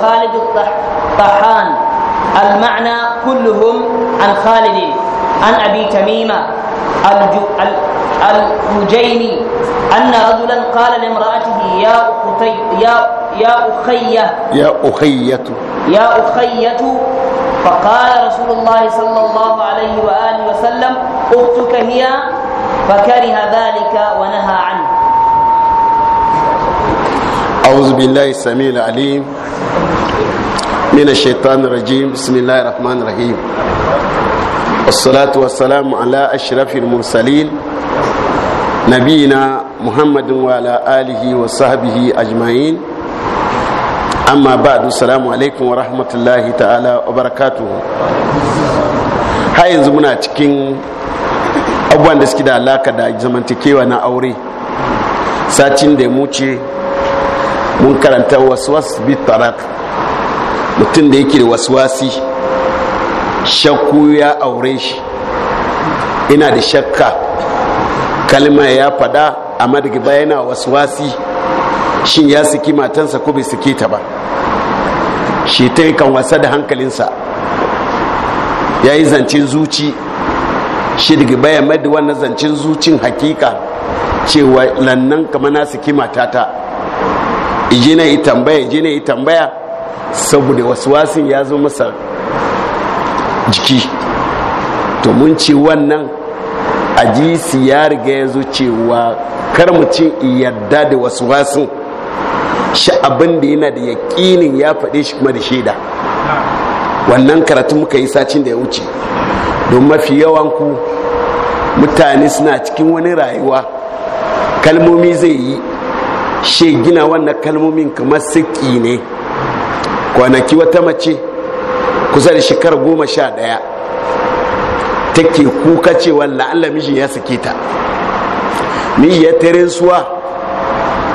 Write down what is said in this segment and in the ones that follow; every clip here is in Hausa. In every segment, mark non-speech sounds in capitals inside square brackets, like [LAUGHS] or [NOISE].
وخالد الطحان المعنى كلهم عن خالد عن أبي تميمة الحجيني أن رجلا قال لامرأته يا أختي يا يا أخية يا أخية يا أخية فقال رسول الله صلى الله عليه وآله وسلم أختك هي فكره ذلك ونهى عنه أعوذ بالله السميع العليم من الشيطان الرجيم بسم الله الرحمن الرحيم والصلاة والسلام على أشرف المرسلين نبينا محمد وعلى آله وصحبه أجمعين أما بعد السلام عليكم ورحمة الله تعالى وبركاته هاي زمنا تكين abubuwan da suke da alaka da zamantakewa na aure satin da ya muce mun karanta waswas bi tarak mutum da yake da waswasi shakku ya aure shi ina da shakka kalma ya fada a madagiba yana waswasi shin ya siki matansa ko bai siki ta ba shi ta kan wasa da hankalinsa ya yi zancen zuci shi daga baya mai da wannan zancen zucin hakika cewa lannan kama na siki matata ije na yi tambaya ije na yi tambaya saboda wasuwasin ya zo masa jiki to mun ce wannan ajisi ya riga ya zo cewa kar yadda yarda da wasuwasin shi abin da yana da yaƙinin ya faɗe shi kuma da shaida wannan karatu muka yi sacin da ya wuce don mafi yawan ku mutane suna cikin wani rayuwa kalmomi zai yi she gina wannan kalmomin kamar siki ne kwanaki wata mace kusa da shekara goma sha daya take kuka cewa la'alla mijin ya sake ta miji ya tare suwa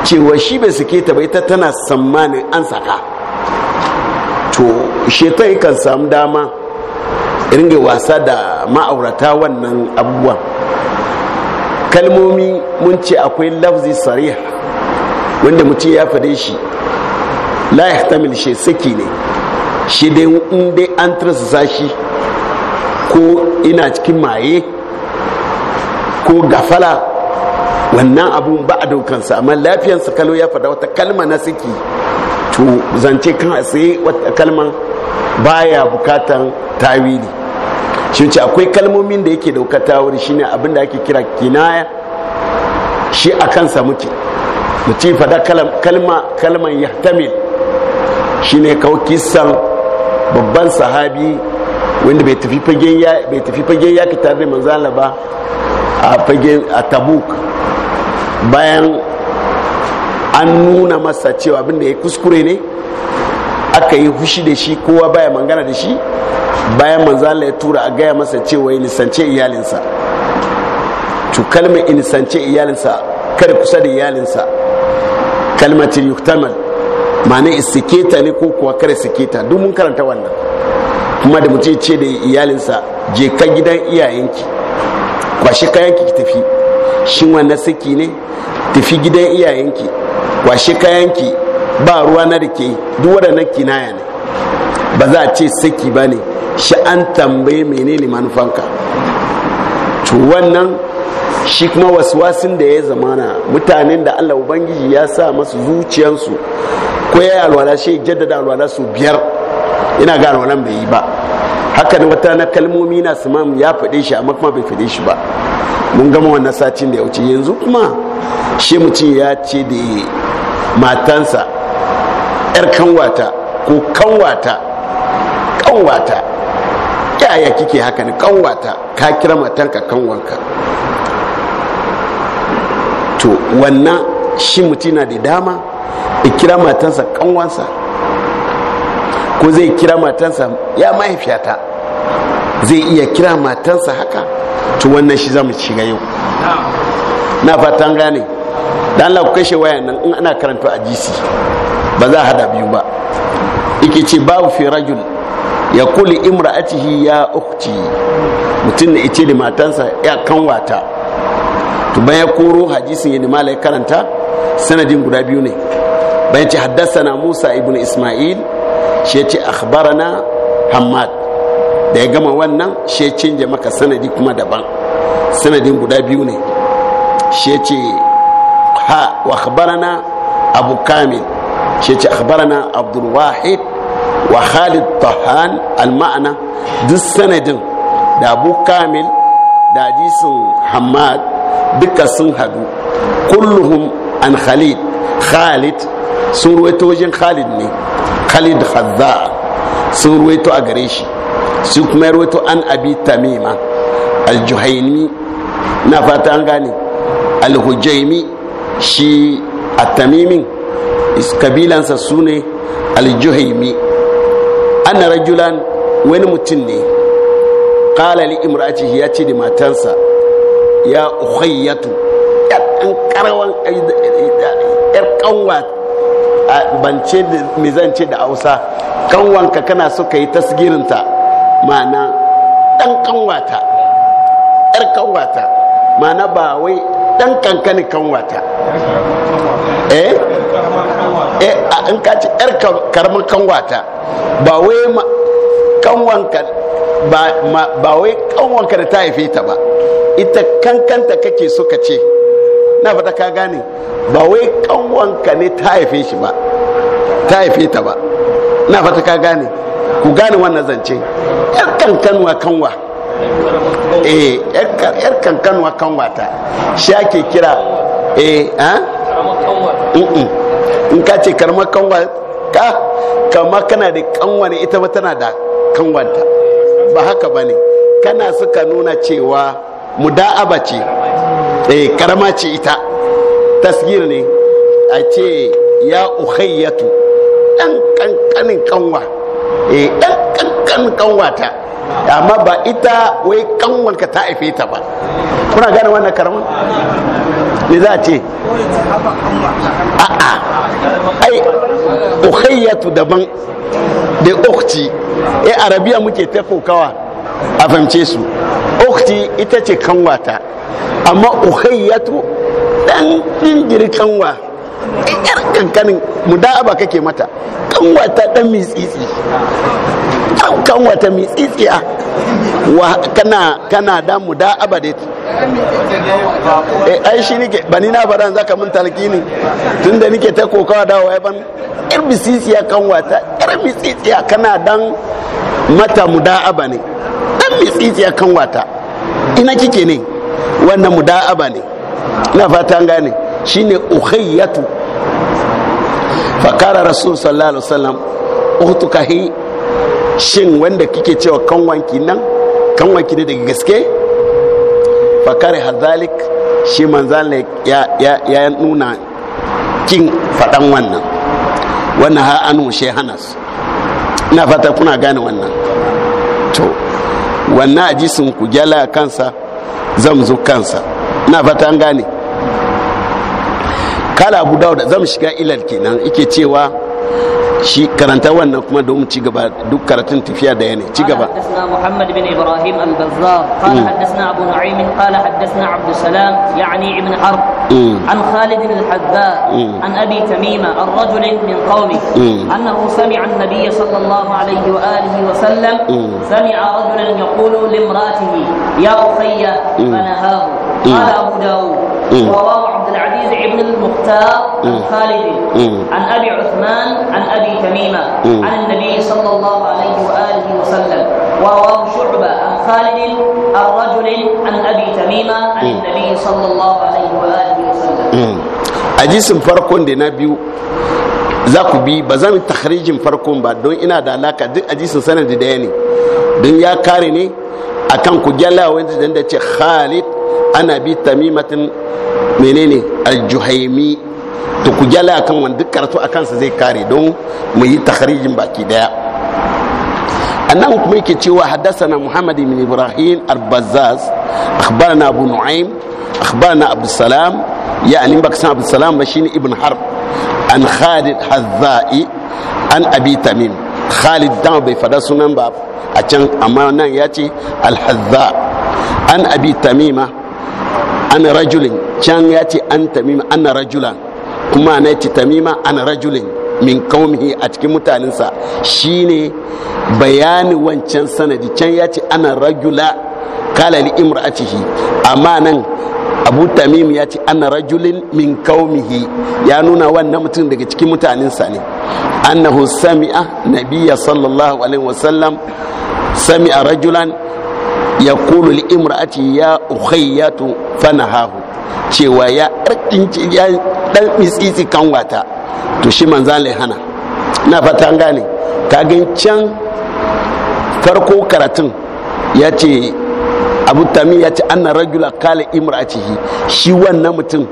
cewa shi bai sake ta bai ta tana sammanin an saka to shetan kan samu dama ringa wasa da ma'aurata wannan abubuwan kalmomi mun ce akwai lafzi sarih wanda mutum ya fade shi la yahtamil shi saki ne shi dai in an tarsa shi ko ina cikin maye ko gafala wannan abun ba a daukansa amma lafiyansa kalo ya fada wata kalma na siki to zance kan tsaye wata kalman baya bukatan tawili shi ce akwai kalmomin da yake dauka tawuri shine abin da ake kira kinaya shi a kansa muke mutum fada ya tamil shi ne kawo kisan babban sahabi wanda bai tafi fagen ya bai tafi fagen ya ka tare da manzala ba a fagen a tabuk bayan an nuna masa cewa abinda ya kuskure ne aka yi hushi da shi kowa baya mangana da shi bayan manzala ya tura a gaya masa cewa ya nisance iyalinsa to kalmar inisance iyalinsa kada kusa da iyalinsa kalmatin yuktamal ma'ana isiketa ne ko kuwa kare siketa duk mun karanta wannan kuma da mutum ce da iyalinsa je ka gidan iyayenki shi ka ki tafi shin wannan saki ne tafi gidan iyayenki kwashe kayanki ba ruwa na rike duk waɗannan kinaya ne ba za a ce saki ba ne shi an tambaye menene manufanka to wannan shi kuma waswasin da ya zamana mutanen da allah ubangiji ya sa masu zuciyarsu ko ya yi alwala shi jaddada alwala su biyar ina ga alwalan bai yi ba haka wata na kalmomi na simam ya faɗe shi amma kuma bai faɗe shi ba mun gama wannan satin da ya wuce yanzu kuma shi mutum ya ce da matansa yar kanwata ko kanwata kanwata yaya kike haka ne kanwata ka kira matanka kanwanka wannan shi mutum na da dama ya kira matansa kanwansa ko zai kira matansa ya mahaifiyata zai iya kira matansa haka to wannan shi za mu shiga yau na fatan gane da Allah ku kashe wayan nan in ana karanta a jisi ba za a hada biyu ba ike ce babu fi rajul ya kuli imra'atihi ya ukti mutum da ice da matansa ya kanwata to ya koro hadisin yadda ma ya karanta sanadin guda biyu ne ya ce haddasa na musa ibn ismail shi ce akhbarana hamad da ya gama wannan shi canja maka sanadi kuma daban sanadin guda biyu ne shi ce ha wa akhbarana abu kamil shi ce akhbarana abdul wahid wa khalid tahan al-ma'ana duk sanadin da abu kamil da hadisin hamad duka sun hadu kulluhum an khalid khalid sun ruwaito wajen khalid ne khalid Hadza. sun ruwaito a gare shi su kuma ruwaito an abi tamima aljuhaini na fata an gane alhujaimi shi a tamimin kabilansa su ne aljuhaimi an rajulan wani mutum ne kala li imra'atihi ya ce da matansa ya ukhayyatu an karawan yar kanwa bance me zance da Hausa kanwanka kana so kai tasgirinta ma'ana dan kanwata yar kanwata ma'ana ba wai dan kankani kanwata eh eh an kaci yar karamin kanwata ba wai kanwanka ba wai kanwanka da ta haife ta ba ita kankanta kake so ka ce na fata ka gane ba wai kanwanka ne ta haife shi ba ta haife ta ba na fata ka gane ku gane wannan zance yar kankanwa kanwa eh yar kankanwa kanwa ta shi ake kira eh ha in ka ce karamar kanwa ka kama kana da kanwa ne ita ba tana da kanwanta ba haka ba ne kana suka nuna cewa muda'aba ce eh karama ce ita tasgir ne a ce ya ukhayyatu dan kankanin kanwa eh dan kankanin kanwata amma ba ita wai ka ta haife ta ba kuna gane wannan karama ne za a ce a'a ai ukhayyatu daban da ukhti eh arabiya muke ta kokawa a fahimce su ukhti ita ce kanwata amma ukhayyatu dan jinjiri kanwa yar kankanin muda'aba kake mata kanwata dan mitsitsi kanwata a wa kana kana da muda'aba da eh ai shi nike bani na faran zaka mun talki ne tunda nike ta kokawa da wai ban yar mitsisiya kanwata yar mitsisiya kana dan mata mu muda'aba ne kulle tsitsiya kan wata ina kike ne wannan muda'aba ne na fata gane shine ukhayyatu fakara rasul sallallahu alaihi wasallam uhtuka hi shin wanda kike cewa kan wanki nan kan wanki ne daga gaske fakare hazalik shi manzan ya, ya, ya nuna kin fadan wannan wannan ha anu shi ina fata kuna gane wannan to wannan ajisin ku gyala kansa zan zo kansa na fata an gane kala abu dauda zan shiga ilal kenan ike cewa shi karanta wannan kuma domin ci gaba duk karatun tafiya da yane ci gaba hadathna muhammad bin ibrahim al bazzar qala hadathna abu nu'aym ya'ni ibn harb an bin hadda an abi tamima ar rajul min qawmi annahu sami'a an nabiy sallallahu wa wa ya قال أبو داود رواه عبد العزيز ابن المختار عن أبي عثمان عن أبي تميمة عن النبي صلى الله عليه وآله وسلم ورواه شعبة عن خالد عن رجل عن أبي تميمة عن النبي صلى الله عليه وآله وسلم hadisin farkon da na biyu za ku bi ba za mu takharijin farkon ba don ina da alaka duk hadisin sanadi daya ne don ya kare ne akan ku gyala wanda da ce khalid ana bi tamimatin menene aljuhaimi to ku jala akan wani duk karatu a kansa zai kare don mu yi takharijin baki daya annan kuma yake cewa haddasana muhammad ibn ibrahim al-bazzaz akhbarana abu nu'aim akhbarana abu salam ya alim baksan abu salam mashini ibn harb an khalid hazzai an abi tamim khalid dama bai fada sunan ba a can amma nan ya ce al-hazza an abi tamima ana rajulin can ya ce an tamima ana rajulan kuma na ce tamima ana rajulin min kaumihi a cikin mutanensa shine bayani wancan sanadi can ya ce ana rajula kala li imra'atihi amma nan abu tamim ya ce ana rajulin min kaumihi ya nuna wannan mutum daga cikin mutanensa ne annahu sami'a nabiya sallallahu alaihi wasallam sami'a rajulan ya kulu li'imra'ati ya ukhayyatu fanahahu cewa ya ɗarkinci ya ɗan kan wata to shi manzan hana na fata gane kagin can farko karatun ya ce abu tami ya ce annan rajula kala imra'atihi shi wannan mutum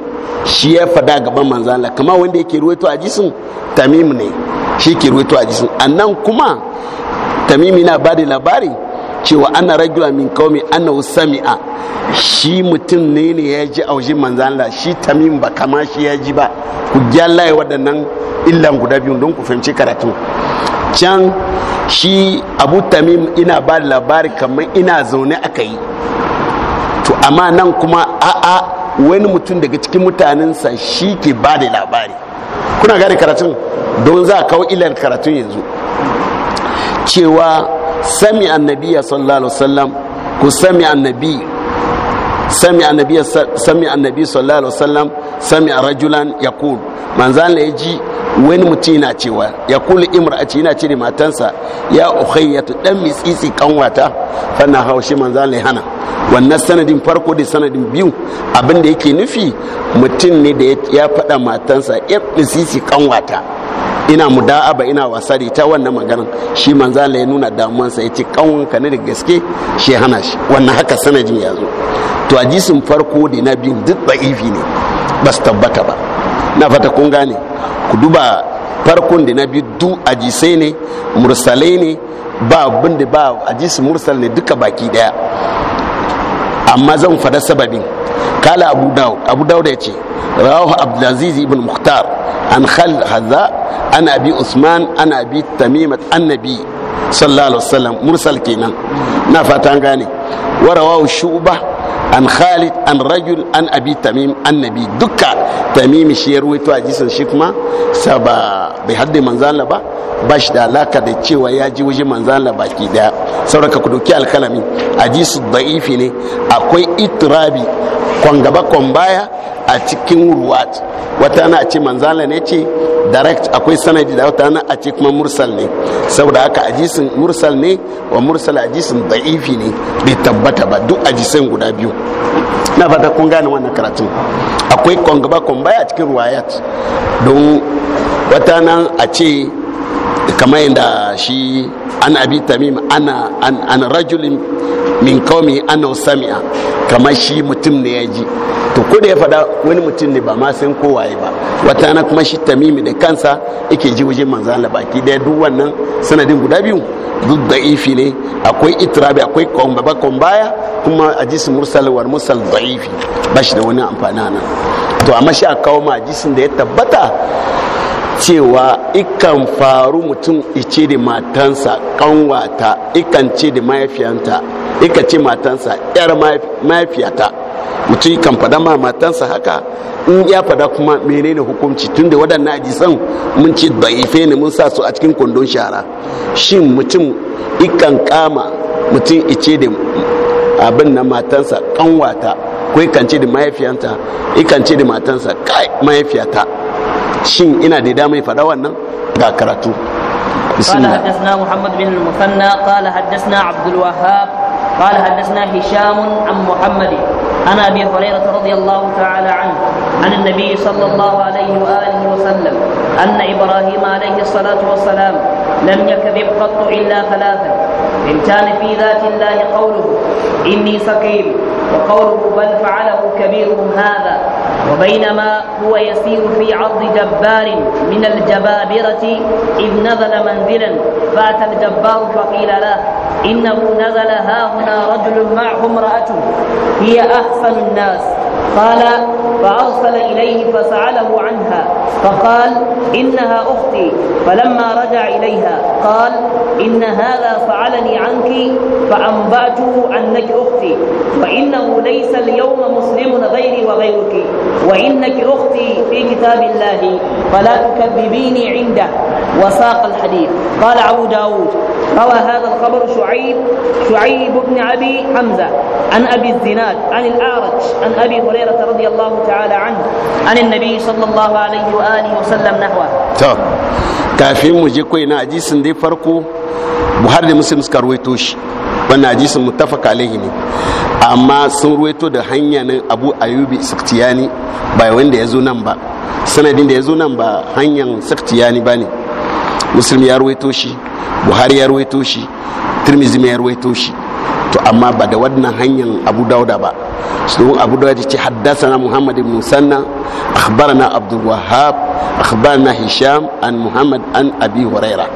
shi ya fada gaban manzan Allah kama wanda yake ruwaito a jisun tamim ne shi ke ruwaito a jisun annan kuma tamimi na da labari cewa ana rajula min qaumi annahu sami'a shi mutum ne ne ya ji a wajen manzan shi tamim ba kama shi ya ji ba ku gyallaye waɗannan illan guda biyu don ku fahimci karatu can shi abu tamim ina ba labari kamar ina zaune aka yi to amma nan kuma a'a wani mutum daga cikin mutanensa shi ke ba da labari kuna gane karatun don za a kawo illar karatun yanzu cewa sami annabiya sallallahu alaihi wasallam ku sami annabi sami annabi sami annabi sallallahu alaihi wasallam sami rajulan yaqul manzan yaji wani mutum yana cewa ya kula imra'aci yana cire matansa ya ukhayyatu dan mitsitsi kanwata fana haushi man zalai hana wannan sanadin farko da sanadin biyu abin da yake nufi mutum ne da ya faɗa matansa ya mitsitsi kanwata ina mu ba ina wasa da ita wannan magana shi man zalai ya nuna damuwansa ya ce kanwanka ne da gaske shi hana shi wannan haka sanadin ya zo to hadisin farko da na biyu duk da'ifi ne ba su tabbata ba na fata kun gane ku duba farkon da na biyu du ajisai ne mursalai ne ba abin da ba ajisi mursal ne duka baki daya amma zan fada sababin kala abu daud abu daud ya ce rawahu abdulaziz ibn muhtar an khal hadha an abi usman an abi tamimat annabi sallallahu alaihi wasallam mursal kenan na fata gane wa rawahu shu'bah an khalid an rajul an abi tamim nabi dukka tamim shi ya ruwaito a jisan shi kuma saba bai hadda manzala ba ba shi da alaka da cewa ya ji waje manzala baki daya sauraka ku doki alkalami a jisu da'ifi ne akwai itirabi kwan gaba kwan baya a cikin ruwat wata na ce manzala ne ce direct akwai sanadi da wata a ce kuma mursal ne saboda haka ajisin mursal ne wa mursal ajisin da'ifi ne bai tabbata ba duk ajisan guda biyu na fata kun gane wannan karatun akwai kwangaba kwambaya a cikin ruwayat don wata nan a ce kamar yadda shi an abi tamim ana an rajulin min kaumi ana sami'a kamar shi mutum ne ya ji ko da ya faɗa wani mutum ne ba ma san kowaye ba wata na kuma shi tamimi da kansa yake ji wajen manzan la baki daya duk wannan sanadin guda biyu duk da'ifi ne akwai itirabi akwai kwamba baya kuma a ajisi mursal war mursal da'ifi ba shi da wani amfani nan to amma shi a kawo ma ajisin da ya tabbata cewa ikan faru mutum ice da matansa kanwata ikan ce da mahaifiyanta ika ce matansa yar mahaifiyata mutum kan fada ma matansa haka in ya fada kuma menene hukunci tunda waɗannan ajisan mun ce daife ne mun sa su a cikin kundin shara shin mutum ikan kama mutum ice da abin na matansa kanwata ko ikan ce da mahaifiyanta ikan ce da matansa kai mahaifiyata shin ina da dama ya faɗa wannan ga karatu قال حدثنا محمد بن المثنى قال حدثنا عبد الوهاب قال حدثنا هشام عن محمد عن ابي هريره رضي الله تعالى عنه عن النبي صلى الله عليه واله وسلم ان ابراهيم عليه الصلاه والسلام لم يكذب قط الا ثلاثا ان كان في ذات الله قوله اني سقيم وقوله بل فعله كبيرهم هذا وبينما هو يسير في عرض جبار من الجبابرة إذ نزل منزلا فأتى الجبار فقيل له إنه نزل هاهنا رجل معه امرأته هي أحسن الناس قال فأرسل إليه فسأله عنها فقال إنها أختي فلما رجع إليها قال إن هذا فعلني عنك فأنبأته عنك أختي فإنه ليس اليوم مسلم غيري وغيرك وإنك أختي في كتاب الله فلا تكذبيني عنده وساق الحديث قال أبو داود روى هذا الخبر شعيب شعيب بن ابي حمزه عن ابي الزناد عن الاعرج عن ابي هريره رضي الله تعالى عنه عن النبي صلى الله عليه واله وسلم نحوه طب kafin mu je kai na hadisin dai farko buhari wannan hadisin muttafaq alaihi ne amma sun ruwaito da hanya na abu ayubi saktiyani ba wanda ya zo nan ba sanadin da ya zo nan ba hanyar saktiyani ba ne muslim ya ruwaito shi buhari ya ruwaito shi tirmizi ya ruwaito shi to amma ba da wannan hanyar abu dauda ba su abu dauda ce haddasa muhammad ibn sanna akhbarana abdul wahhab akhbarana hisham an muhammad an abi huraira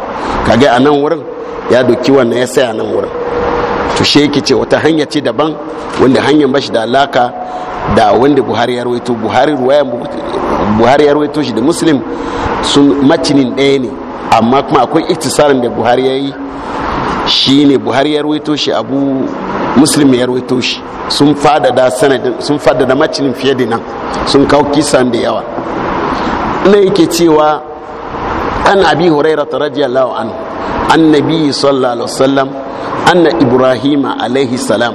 kaga a nan wurin ya doki wannan ya saya nan wurin to shi yake ce wata hanya ce daban wanda hanyar bashi da alaka da wanda buhari ya ruwaito buhari buhari ya shi da muslim sun macinin ɗaya ne amma kuma akwai iktisarin da buhari ya yi shi ne buhari ya rawaito shi abu muslim ya rawaito shi sun fadada sanadin sun fadada macinin fiye da nan sun kawo kisan da yawa ina yake cewa an abi hurairah radiyallahu anhu annabi sallallahu alaihi wasallam anna ibrahima alaihi salam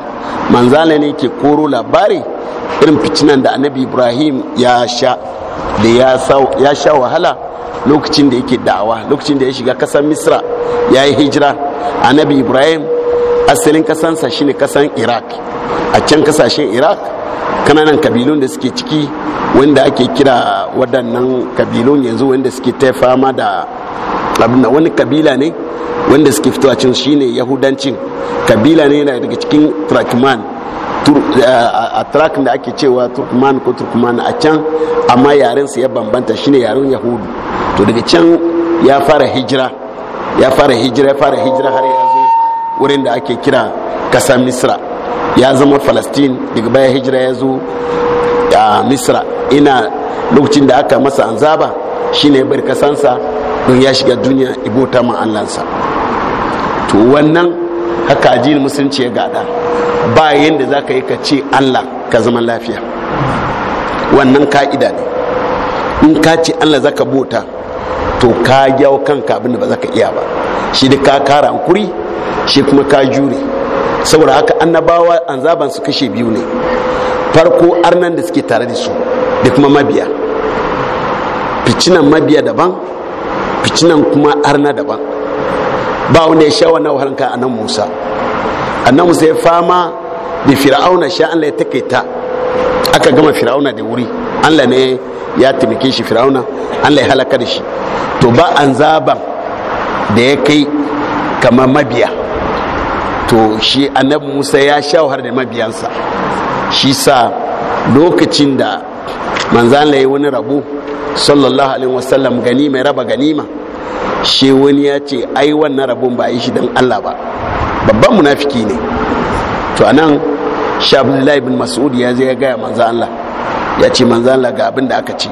manzala ne ke koro labari irin fitinan da annabi ibrahim ya sha da ya sha wahala lokacin da yake da'awa lokacin da ya shiga kasar misra ya yi hijira annabi ibrahim asalin kasansa shine kasan iraq a can kasashen iraq kananan kabilun da suke ciki wanda ake kira waɗannan kabilun yanzu wanda suke ta fama da abin wani kabila ne wanda suke fitowa cin shine yahudancin kabila ne yana daga cikin trakiman Eh, a track da ake cewa turkman ko turkman a can amma yaren su ya bambanta shine yaren yahudu to daga can ya fara hijira ya fara hijira ya fara hijira har ya zo wurin da ake kira kasa misra ya zama falastin daga baya hijira ya zo a misra ina lokacin da aka masa an zaba shine ya bar kasansa don ya shiga duniya ibota ma allansa to wannan haka ajiyar musulunci ya gada ba yadda za ka yi ka ce allah ka zama lafiya wannan ka'ida ne in ka ce allah za ka bota to ka yawo kanka abinda ba za ka iya ba shi da ka kara hankuri shi kuma ka jure saboda haka annabawa an zaban su kashe biyu ne farko arnan da suke tare da su da kuma mabiya ficinan mabiya daban ficinan kuma arna daban ba wanda ya sha wannan wahalan kan annabi Musa annabi Musa ya fama da fir'auna sha Allah ya ta aka gama fir'auna da wuri Allah ne ya taimake shi fir'auna Allah ya halaka da shi to ba an zaban da ya kai kamar mabiya to shi annabi Musa ya sha wahar da mabiyansa shi sa lokacin da manzan layi wani rabu sallallahu alaihi wasallam gani mai raba ganima shi wani ya ce ai wannan rabon ba yi shi don Allah ba babban munafiki ne to anan sha bin mas'ud ya je ya gaya manzo Allah ya ce manzo Allah ga abin da aka ce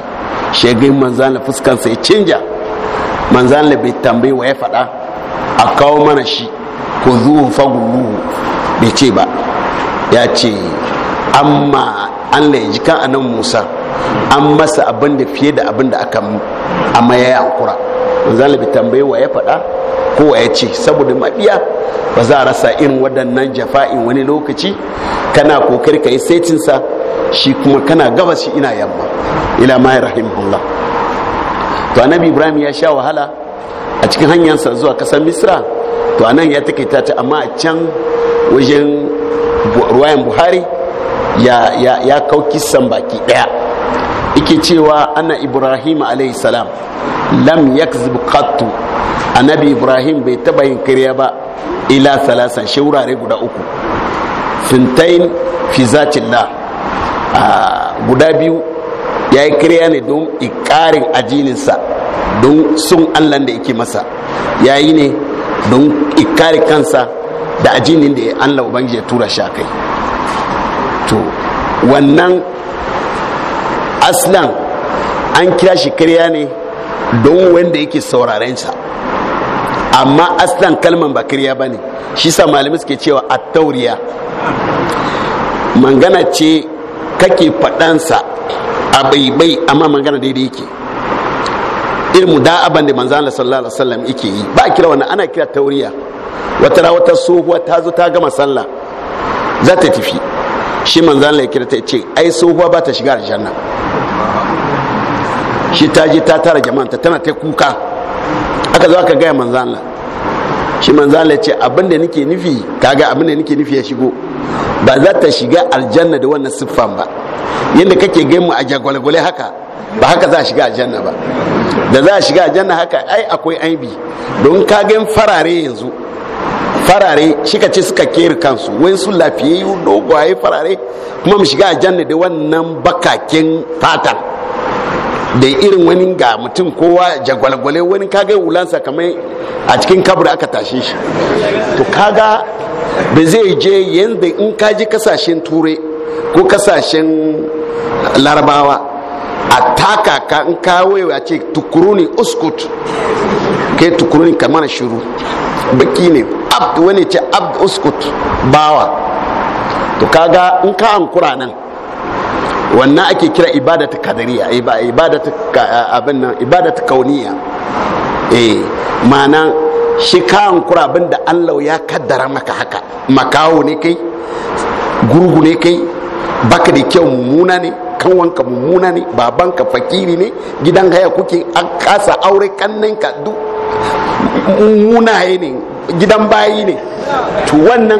she manzan manzo Allah fuskan ya canja manzo Allah bai tambaye wa ya faɗa a kawo mana shi ko zuwa fagulu bai ce ba ya ce amma Allah ya ji kan anan Musa an masa abin da fiye da abin da aka amma ya yi zalibi tambaye wa ya faɗa ko ya ce saboda mabiya ba za a rasa irin waɗannan jafa'in wani lokaci kana kokari ka yi saitinsa shi kuma kana gaba shi ina yamma ila ma rahimahullah to annabi ibrahim ya sha wahala a cikin hanyarsa zuwa kasar misra to anan ya takaita ta amma a can wajen ruwayan buhari ya ya, ya kauki san baki daya yake cewa ana ibrahim alayhi lam lam yakzib qattu annabi ibrahim bai taba yin kariya ba ila salasan shi wurare guda uku sintain fi zatillah ah, guda biyu ya yi kariya ne don ikarin ajininsa don sun allah da yake masa ya yi ne don ikari kansa da ajinin da allah ubangiji ya tura shakai to wannan aslan an kira shi karya ne don wanda yake sauraren sa amma aslan kalman ba karya ba ne shi sa malamai suke cewa a tauriya mangana ce kake faɗansa a baibai amma mangana daidai yake ilmu da aban da manzan Allah sallallahu alaihi wasallam yake yi ba a kira wannan ana kira tauriya wata ta tsohuwa ta zo ta gama sallah za ta tafi shi manzan Allah ya kira ta ce ai tsohuwa ba ta shiga aljanna shi ta je ta tara jama'anta tana ta kuka aka zo aka gaya manzan Allah shi manzan Allah ce abin da nake nufi kaga abin da nake nufi ya shigo ba za ta shiga aljanna da wannan siffan ba yadda kake gan mu a jagwalgwale haka ba haka za a shiga aljanna ba da za a shiga aljanna haka ai akwai aibi don ka gan farare yanzu farare shi ka ce suka kere kansu wai su yi dogwaye farare kuma mu shiga aljanna da wannan bakakin fatan da irin wani ga mutum kowa jagwalgwale wani kaga wulansa kamar a cikin kabur aka tashe shi to kaga ba zai je yadda in kaji kasashen ture ko kasashen larabawa a taka ka in kawo a ce tukuruni uskut ke tukuruni kamar shiru baki ne abd wani ce abd uskut bawa to kaga in ka ankura nan wannan ake kira ibadatu kadariya ibadatu abin nan ibadatu kauniya eh ma'ana shi ka kura abin da Allah ya kaddara maka haka makawo ne kai gurgu ne kai baka da kyau mummuna ne kanwanka mummuna ne babanka fakiri ne gidan haya kuke an kasa aure ka duk munaye ne gidan bayi ne to wannan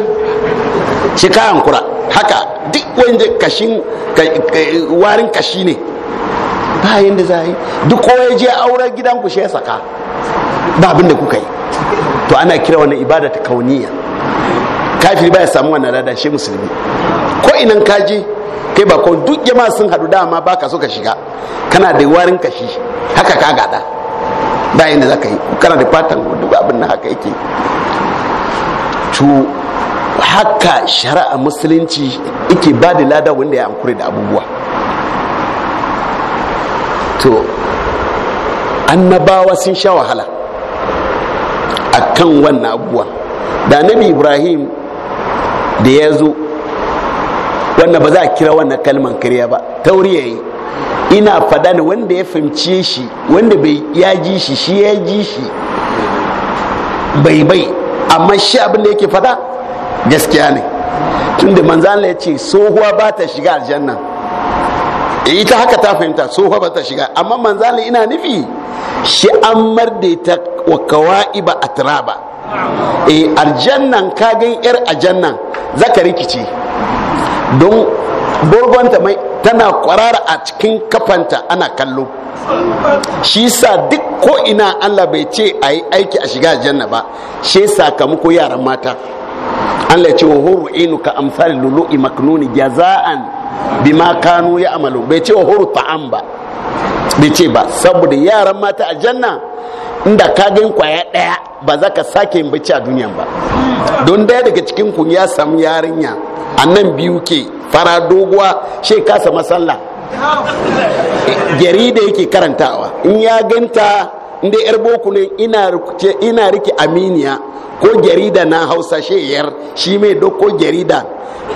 shi ka kura. haka duk wanda kashin warin kashi ne ba yanda za yi duk kowa ya je auren gidan ku shi saka ba abin da kuka yi to ana kira wannan ibada ta kauniya ba baya samu wannan rada shi musulmi ko inan kaje kai ba ko duk jama'a sun hadu dama ba ka so ka shiga kana da warin kashi haka ka gada ba yanda za ka yi kana da fatan duk abin na haka yake haka shari'a musulunci ike ba da lada wanda ya amkure da abubuwa to annabawa sun sha wahala a kan wannan abubuwa da nabi ibrahim da ya zo wannan ba za a kira wannan kalman kariya ba tauri ya yi ina fada ne wanda ya fahimce shi wanda bai ya ji shi shi ya ji shi bai bai amma shi abin da yake fada gaskiya ne tunda manzan ya ce tsohuwa ba ta shiga aljanna eh, ita haka ta fahimta tsohuwa ba ta shiga amma manzan ina nufi shi an marde ta wa kawa'iba a turaba e eh, aljannan kagan yar aljannan zaka rikice don borgonta mai tana kwarara a cikin kafanta ana kallo shi sa duk ko ina allah bai ce a yi aiki a shiga janna ba shi sakamako yaran mata Allah ya ce wa horo inu ka amsal lulu'i maknuni jaza'an ma kanu ya amalu bai ce wa horo ta'am ba bai ce ba saboda yaran mata a janna inda ka gan kwaya daya ba za ka sake yin bacci a duniya ba don daya daga cikin ku ya samu yarinya a nan biyu ke fara doguwa shi kasa masalla gari da yake karantawa in ya ganta inda yar boko ne ina rike aminiya ko jarida na hausa sheyar shi mai doko jarida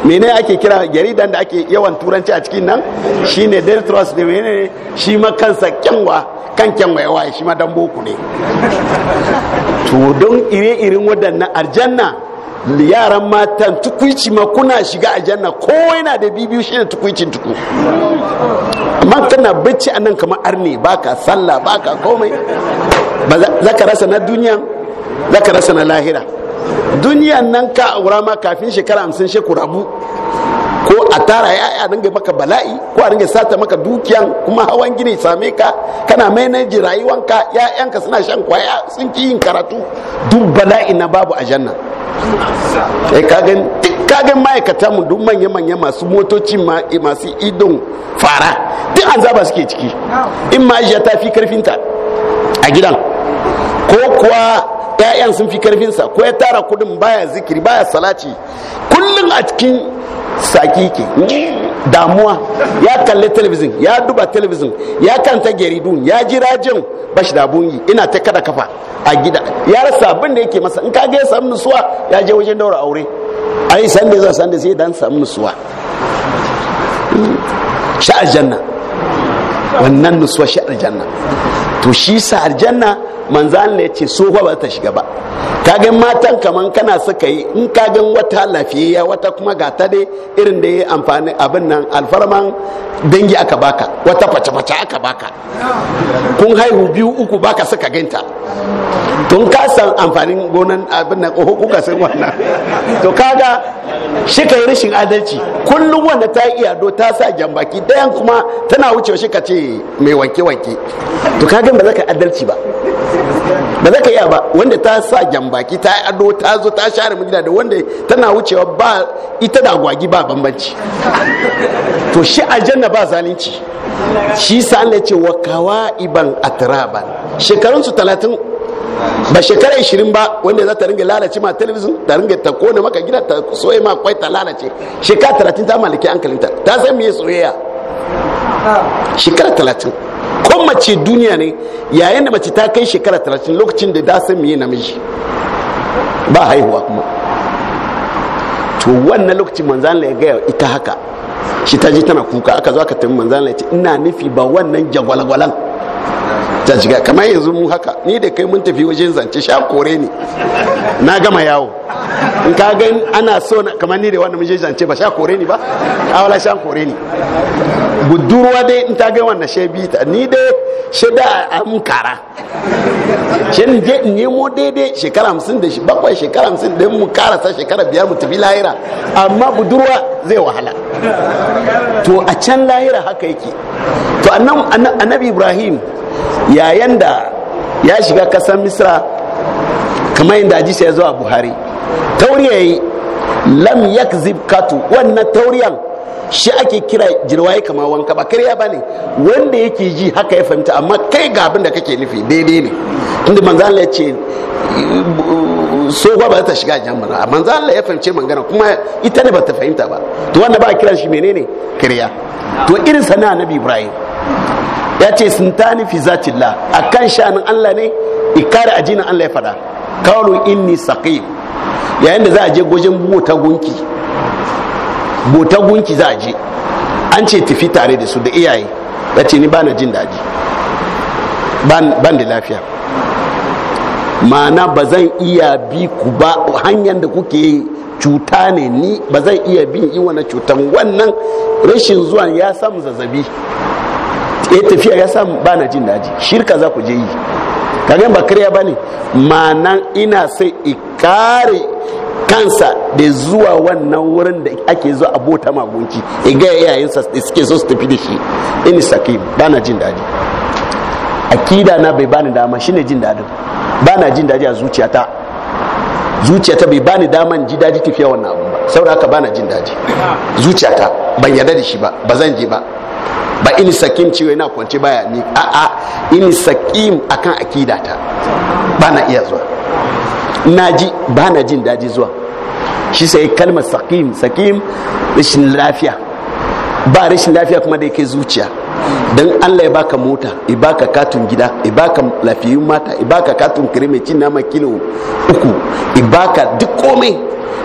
mene ake kira jaridan da ake yawan turanci a cikin nan shi ne del da mene shi ma kansa kyanwa kan kyanwa yawa shi ma dan boko ne to don ire-iren waɗannan aljanna yaran matan tukwici ma kuna shiga a janna kowai yana da bibiyu shi ne tukwicin tuku amma kana bacci a nan kamar arne baka sallah baka komai za ka rasa na duniya za ka rasa na lahira duniya nan ka aura ma kafin shekara hamsin shekura abu ko a tara yaya ringa maka bala'i ko a dinga sata maka dukiyan kuma hawan gini same ka kana ka rayuwanka yayanka suna shan kwaya sun ki yin karatu duk bala'i na babu a janna sai eh, kagan kagan ma'aikata mu duk manya manya masu motoci eh, masu idon fara duk an zaba suke ciki in ma ta fi ta a gidan ko kuwa yayan sun fi sa ko ya tara kudin baya zikiri baya salati kullum a cikin sakiki damuwa ya kalli telebijin ya duba telebijin ya kanta dun, ya ji rajin ba da abun yi ina ta kada kafa a gida ya rasa abin da yake masa in ka ga ya samu nutsuwa ya je wajen daura aure a yi da zai san sai dan samu nutsuwa sha'ar janna wannan nutsuwa sha'ar janna to shi sa aljanna manzan ne ce tsohuwa ba ta shiga ba kagan matan kaman kana suka yi in kagan wata lafiyayya wata kuma ga ta dai irin da ya amfani abin nan alfarman dangi aka baka wata face-face aka baka kun haihu biyu uku baka suka ginta tun ka san amfanin gonan abin nan kuka san wannan to kaga shi rashin adalci kullum wanda ta yi iyado ta sa jambaki dayan kuma tana wucewa shi ka ce mai wanke-wanke to ka ba za ka adalci ba ba za ka iya ba wanda ta sa jambaki ta yi ado ta zo ta share mujina da wanda tana wucewa ba ita da agwagi ba bambanci to shi janna ba zalunci shi sa Allah ce wa kawa iban atraban shekarunsu talatin ba shekara 20 ba wanda za ta ringa lalace ma talabijin ta ringa ta kone maka gida ta soye ma kwai ta lalace shekara 30 ta malaki hankalinta ta san me soyayya shekara 30 ko mace duniya ne yayin da mace ta kai shekara 30 lokacin da ta san me namiji ba haihuwa kuma to wannan lokacin manzan ya gaya ita haka shi ta je tana kuka aka zo aka tafi manzan ya ce ina nufi ba wannan jagwalgwalan ta shiga kamar yanzu mu haka ni da kai mun tafi wajen zance sha kore ne na gama yawo in ka ga ana so kamar ni da wanda mun je zance ba sha kore ne ba a wala sha kore ne budurwa dai in ta ga wannan she bi ta ni dai she da an kara she ni je in nemo daidai shekara hamsin da bakwai shekara hamsin da mu karasa shekara biyar mu tafi lahira amma budurwa zai wahala to a can lahira haka yake to annabi ibrahim yayan da ya shiga kasar misra kamar yadda ji zo a buhari tauriya yi lam yakzib katu wannan tauriyan shi ake kira jirwaye kama wanka ba karya ba ne wanda yake ji haka ya fahimta amma kai ga abin da kake nufi daidai ne inda manzan Allah ya ce ba ta shiga jami'a a manzan Allah ya fahimce magana kuma ita ne ba ta fahimta ba to wanda ba a kiran shi menene karya to irin sana na ibrahim ya ce sun ta tani fi a akan shanin Allah ne a jinin Allah ya fada in inni saqim yayin da za a je gojin ta gunki bota gunki za a je an ce tafi tare da su da iyaye ya ce ni bana jin daji ban da lafiya ma'ana ba zan iya bi ku ba hanyar da kuke cuta ne ni ba zan iya bin yi wani cutan wannan rashin zuwan ya samu zazzabi ya eh, tafiya ya samu bana jin daji shirka za ku je yi kagan ba karya ba ne ma'ana ina sai ikare kansa da zuwa wannan wurin da ake zuwa abota magunci iga yayansa da suke so su tafi da shi ini saki ba na jin daɗi akida na bai bani dama shine jin daɗin ba na jin daɗi a zuciyata zuciyata bai bani daman ji daji tafiya wannan abu ba saboda haka ba na jin daɗi zuciyata ban yarda da shi ba ba zan je ba ba ini sakim ciwo yana kwance baya ni a'a ini sakim akan akidata ba na iya zuwa na ji ba na jin daji zuwa shi sai kalmar sakim sakim rashin lafiya ba rashin lafiya kuma da yake zuciya don allah ya baka mota ya baka katon gida ya baka lafiyun mata ya baka katon kare nama kilo uku ya baka duk komai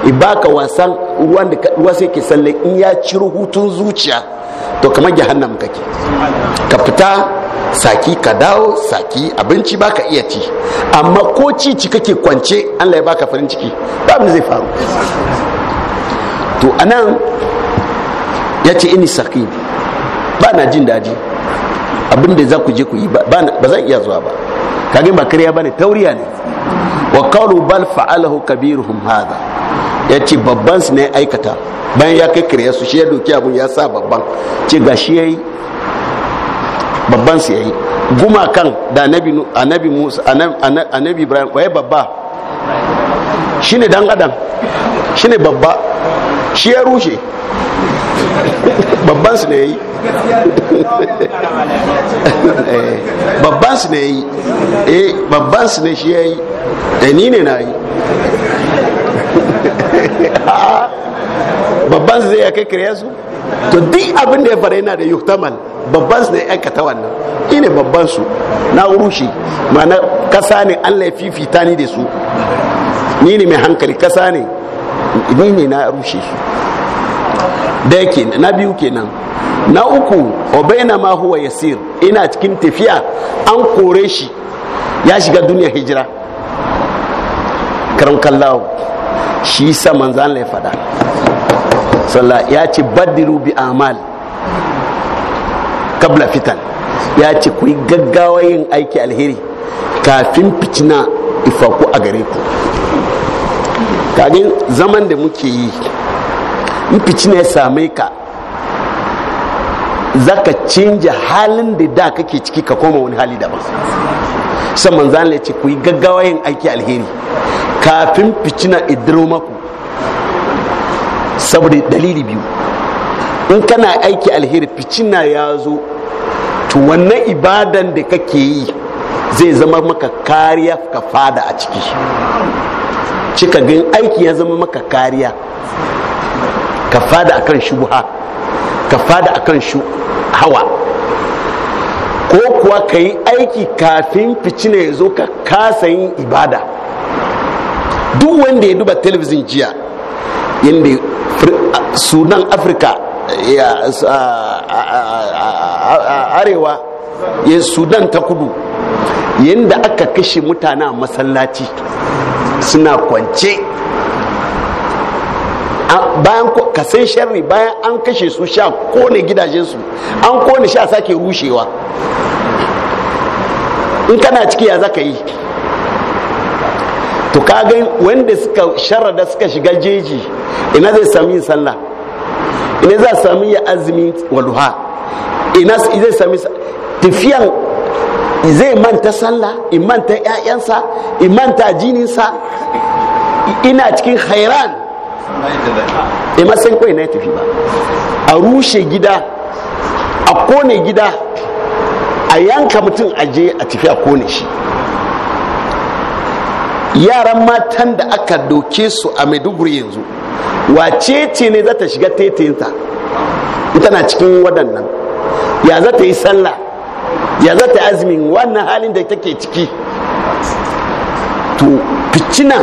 ya baka wasan ruwan da ruwa sai ke salle in ya ciro hutun zuciya to kamar jahannam kake ka fita saki ka dawo saki abinci baka iya ci amma ko cici kake kwance allah ya baka farin ciki ba abin zai faru to anan ya ce ini saki ba na jin daji abin za ku je ku yi ba zan iya zuwa ba kagin ba kariya ba ne tauriya ne wa kawo bal fa'alahu kabiruhum hada ya ce babban su ne aikata bayan ya kai kariya su shi ya doki abun ya sa babban ce ga shi ya yi babban su yayi gumakan da annabi annabi Musa annabi Ibrahim waye babba shine dan adam shine babba shi ya rushe babban su ne yayi [LAUGHS] eh, babban su ne yayi eh babban su ne shi yayi da ni ne na yi [LAUGHS] babban su zai ya kai kare su to duk abin da ya fara yana da yuktamal babban su ne aikata wannan ine babban su na rushe ma'ana kasa ne allah ya fifita ni da su ni ne mai hankali kasa ne ni ne na rushe su da yake na biyu kenan na uku obaina ma huwa yasir ina cikin tafiya an kore shi ya shiga duniya hijira karan kallawo shi sa manzan lai fada sallah ya ce badiru bi amal kabla fitan ya ce ku yi gaggawa yin aiki alheri kafin fitina ifaku a gare ku kagin zaman da muke yi in fitina ya same ka zaka canja halin da da kake ciki ka koma wani hali daban saman zanen ya ce ku yi gaggawa yin aiki alheri kafin fitina idiro maku saboda dalili biyu in kana aiki alheri ficina ya zo to wannan ibadan da kake yi zai zama maka kariya ka fada a ciki cika gan aiki ya zama maka kariya ka fada akan shubha ka fada akan shu hawa ko kuwa ka yi aiki kafin ficina ya zo ka kasa yin ibada duk wanda ya duba telebijin jiya yadda sunan afirka arewa ya sudan ta kudu yadda aka kashe mutane a masallaci suna kwance bayan ka san sharri bayan an kashe su sha kone gidajensu an kone sha sake rushewa in kana ciki ya zaka yi to kaga wanda suka sharada suka shiga jeji ina zai sami yin sallah ina za sami ya azumi wa duha ina zai sami tafiyan zai manta sallah in manta ƴaƴansa in manta jininsa ina cikin hairan in ma san kawai na tafi ba a rushe gida a kone gida a yanka mutum aje a tafi a kone shi yaran matan da aka doke su a maiduguri yanzu wace ce ne za ta shiga tetenta ita na cikin waɗannan ya za ta yi sallah ya za ta azumin wannan halin da take ciki to ficina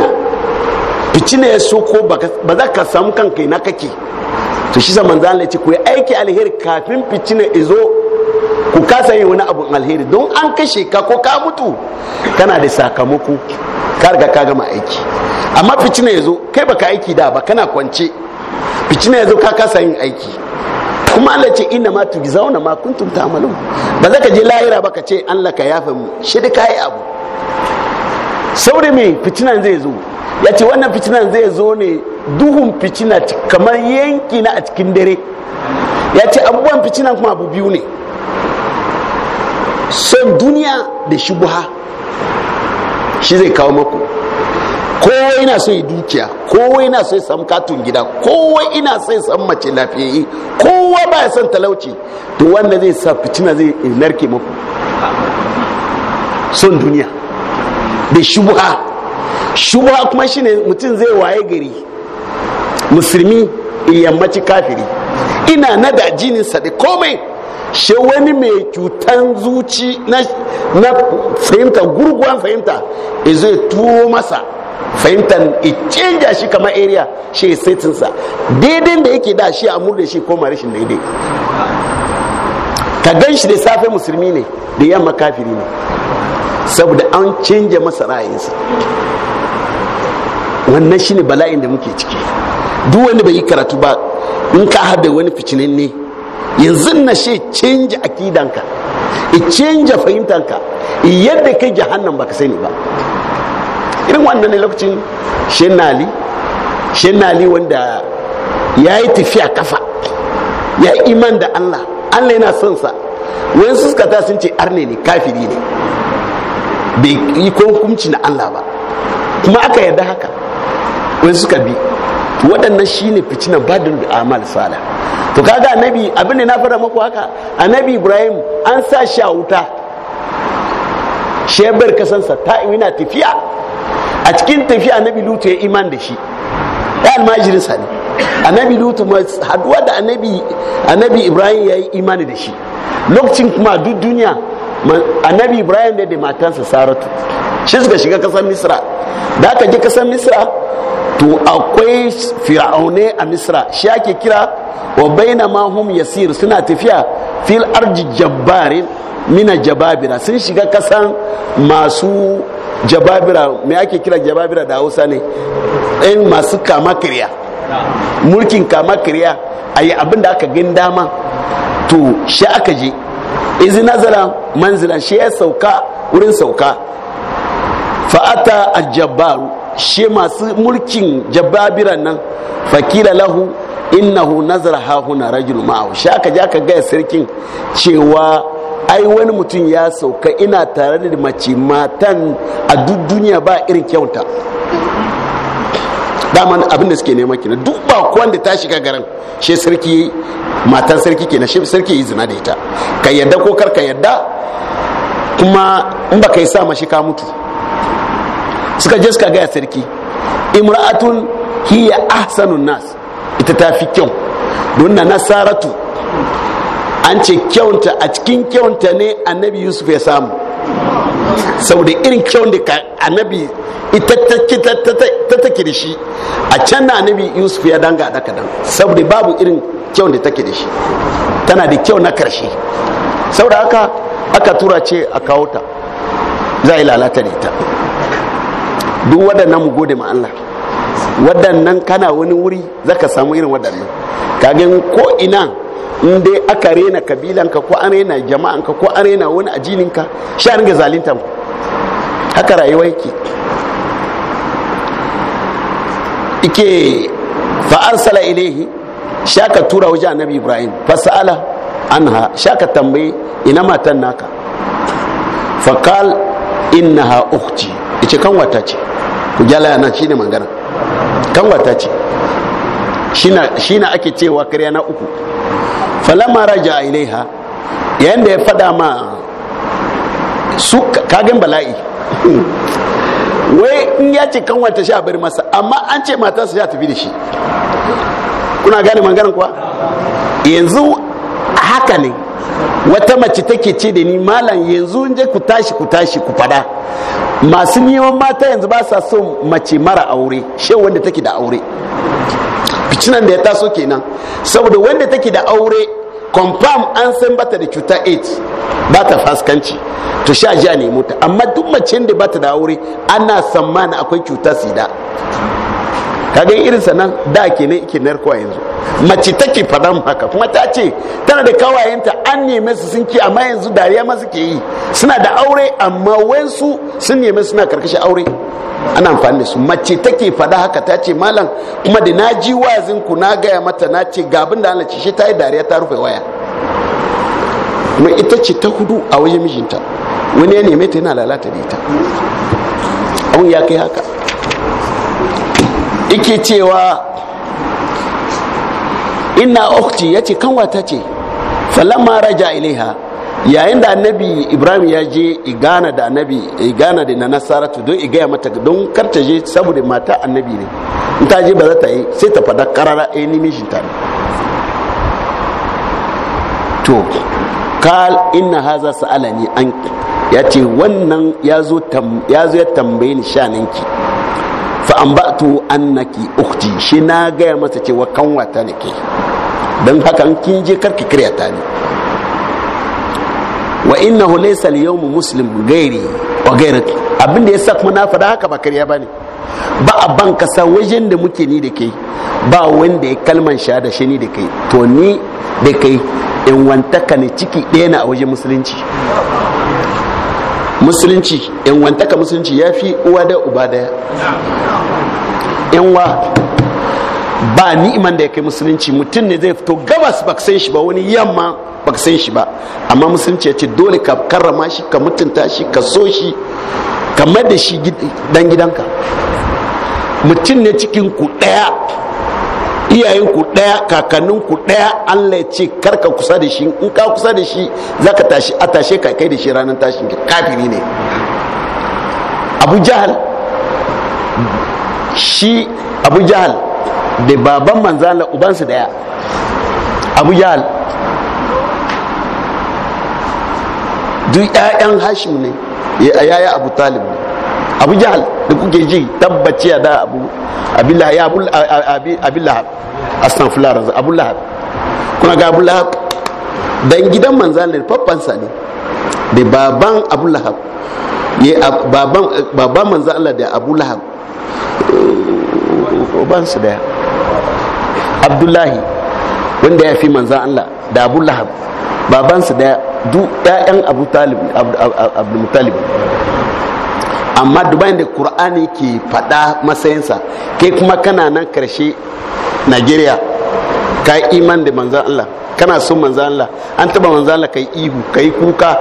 ficina ya so ba za ka samu kanka na kake to shi zaman zan ce ku yi aiki alheri kafin ficina izo ku kasa yi wani abu alheri don an kashe ka ko ka mutu kana da sakamako ka riga ka gama aiki amma fitina ya zo kai baka aiki da ba kana kwance fitina ya zo ka kasa yin aiki kuma Allah ce inna ma tujzauna ma kuntum ta'malun ba zaka ka je lahira ba ka ce Allah ka yafe mu shi da kai abu saboda me fitina zai zo ya ce wannan fitina zai zo ne duhun fitina kamar yanki na a cikin dare ya ce abubuwan fitina kuma abu biyu ne son duniya da shubuha shi zai kawo maku kowa ina so yi dukiya kowa ina so yi samu katon gida kowa ina so yi samu mace yi kowa ba ya son talauci to wanda zai sa fitina zai narke maku son duniya da shubuha shubuha kuma shine mutum zai waye gari musulmi yammaci kafiri ina na nada sa da komai shi wani mai cutan zuci na fahimta gurguwan fahimta zai tuwo masa fahimtar canja shi kamar area shi setinsa daidai da yake da shi a murda shi koma rashin daidai ka gan shi da safe musulmi ne da yamma kafiri ne saboda an canja masa ra'ayinsa wannan ne bala'in da muke ciki duk wani bai yi karatu ba in ka hada wani ficinin ne yanzu na shi canja akidanka i canja fahimtanka yadda kai jahannan baka sani ba irin wannan ne lokacin shenali shenali wanda ya yi tafiya kafa ya yi iman da allah allah yana son sa wani suka ta sun ce arne ne kafiri ne bai yi ko hukunci na allah ba kuma aka yarda haka wani suka biyu waɗannan shine fitinan badin amal sala to kaga annabi abin ne na fara maku haka annabi ibrahim an sa shi a wuta shebar kasansa ta yana tafiya a cikin tafiya annabi lutu ya iman da shi ya almajirinsa ne annabi lutu haduwa da annabi ibrahim ya yi imani da shi lokacin kuma duk duniya annabi ibrahim da da matansa saratu shi suka shiga kasar misra da aka ji kasar misra to akwai fir'aune a misra shi ake kira wa baina ma hum yasir suna tafiya fil arji jabbarin mina jababira sun shiga kasan masu jababira me ake kira jababira da hausa ne ɗayan masu kama kiriya mulkin kama kiriya a yi abin da aka gin dama to shi aka je izi nazara manzila shi ya sauka wurin sauka fa'ata jabbaru shi masu mulkin jababiran nan fakila lahu innahu nazara hahuna rajul ma'au shi aka ja ka gaya sarkin cewa ai wani mutum ya sauka ina tare da mace matan a duk duniya ba irin kyauta dama abinda suke nema kenan duk ba kuwan da ta shiga garin she sarki matan sarki kenan she sarki yi zina da ita ka yadda ko kar ka yadda kuma in ba ka yi sa mashi ka mutu suka je suka gaya sarki imra'atun hiya ahsanun nas ita ta fi kyau don na nasaratu an ce kyauta a cikin kyauta ne annabi yusuf ya samu saboda irin kyau da annabi ta take da shi a can na annabi yusuf ya danga da kadan saboda babu irin kyau da take da shi tana da kyau na karshe saboda haka aka tura ce a kawo ta za a yi lalata da ita duk waɗannan mu gode ma Allah waɗannan kana wani wuri zaka samu irin waɗannan kagen ko ina in dai aka rena kabilanka ko an rena jama'anka ko an rena wani ajininka sha ga zalinta ku haka rayuwa yake ike fa arsala ilaihi sha ka tura wajen annabi ibrahim fa sa'ala anha sha ka tambaye ina matan naka fa qal innaha ukhti ice kan wata ce ku jala yana shine magana kan wata ce shi na ake cewa karya na uku falamma raja ilaiha yayin da ya fada ma su kagin bala'i [LAUGHS] wai in ya ce shi sha bari masa amma an ce matarsa a tafi da shi kuna gane maganin kuwa yanzu haka ne wata mace take ce da ni malam yanzu je ku tashi ku tashi ku fada masu neman mata yanzu ba sa son mace mara aure shan wanda take da aure ficinan da ya taso kenan saboda wanda take da aure confirm an san bata da cuta 8 ba ta faskanci to sha ja ne mota amma duk mace da bata da aure ana sammana akwai cuta sida kaga irin nan da ke ne ke narkowa yanzu mace take fadan haka kuma ta ce tana da kawayenta an neme su sun ki amma yanzu dariya ma suke yi suna da aure amma wensu sun neme suna karkashin aure ana amfani da su mace take fada haka ta ce malam kuma da na ji wazin na gaya mata na ce ga abin da Allah ce shi ta yi dariya ta rufe waya kuma ita ce ta hudu a wajen mijinta wani ya neme ta yana lalata da ita abun ya kai haka ike cewa ina okci ya ce kanwata ce falamma raja iliha yayin da annabi ibrahim ya je igana da annabi igana da na nasaratu don igaya mata don karta je saboda mata annabi ne in ta je ba za ta yi sai ta fada karara a eh, yi mishin ta ne to kal inna haza sa'alani an ya ce wannan ya zo ya tambaye ni shananki fa na ki ukti shi na gaya masa cewa wata ne ke don haka kin je karki ta ne wa innahu laysa al-yawm muslim gairi wa gairati abinda yasa kuma na fada haka ba kariya bane ba a ban kasa wajen da muke ni da kai ba wanda ya kalman shahada shi ni da kai to ni da kai in wantaka ne ciki ɗaya na a wajen musulunci musulunci in wantaka musulunci ya fi uwa da uba daya Yan yanwa ba ni'iman da ya kai musulunci mutum ne zai fito gabas ba san shi ba wani yamma ba san shi ba amma musulunci ya ce dole ka karrama shi ka mutunta shi ka so shi ka mada shi dan gidanka mutum ne cikin ku daya iyayen ku daya kakannin ku daya Allah ya ce karka kusa da shi in ka kusa da shi zaka tashi a tashe ka kai da shi ranar tashin kafiri ne Abu Jahal shi abu jahal da baban manzala ubansu daya abu jahal duk 'ya'yan hashim ne ya yaya abu talib ne abu jahal da kuke ji tabbaci da abu abillah ya abu abdullahi astaghfirullah abu lahab kuna ga abu lahab dan gidan manzalar faffansa ne da baban abu lahab ya baban baban manzo da abu lahab ubansu daya abdullahi wanda ya fi manzan allah da abu lahab babansu daya du ɗayan abu talib amma dubayin da kur'ani ke faɗa matsayinsa kai kuma kana nan karshe nigeria ka yi iman da manzan Allah kana son manzan Allah an taba manzan Allah yi ihu ka yi kuka